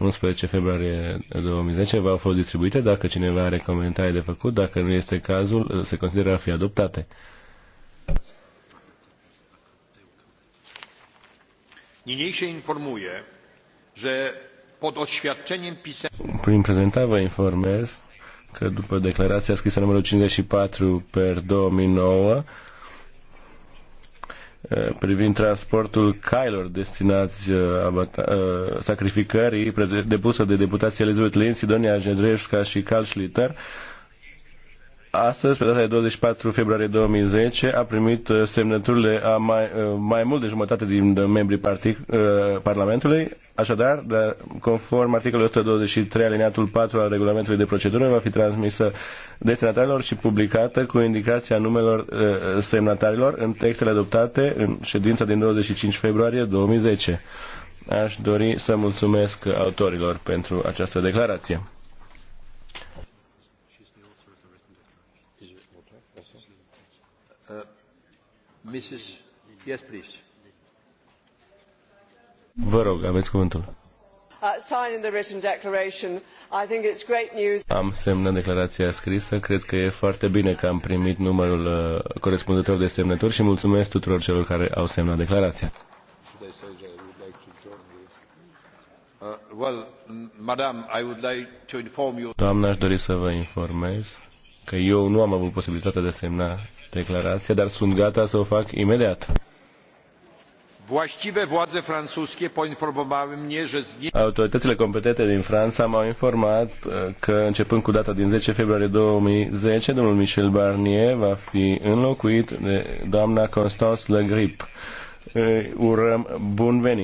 11 februarie 2010 v-au fost distribuite. Dacă cineva are comentarii de făcut, dacă nu este cazul, se consideră a fi adoptate. Niniejsze informuje, że pod oświadczeniem pisemnym... Prin prezentarea vă informez că după declarația scrisă numărul 54 per 2009 Eh, privind transportul cailor destinați eh, eh, sacrificării depusă de deputații Elizabeth Lin, Sidonia Jedrevska și Carl Schlitter Astăzi, pe data de 24 februarie 2010, a primit uh, semnăturile a mai, uh, mai mult de jumătate din uh, membrii partic, Parlamentului. Așadar, de, conform articolului 123 alineatul 4 al regulamentului de procedură, va fi transmisă destinatarilor și publicată cu indicația numelor semnatarilor în textele adoptate în ședința din 25 februarie 2010. Aș dori să mulțumesc autorilor pentru această declarație. Uh, Mrs. Yes, please. Vă rog, aveți cuvântul. Uh, am semnat declarația scrisă, cred că e foarte bine că am primit numărul uh, corespunzător de semnături și mulțumesc tuturor celor care au semnat declarația. Doamna, aș dori să vă informez că eu nu am avut posibilitatea de a semna declarația, dar sunt gata să o fac imediat. Autoritățile competente din Franța m-au informat uh, că începând cu data din 10 februarie 2010, domnul Michel Barnier va fi înlocuit de doamna Constance Le Grip. Urăm bun venit!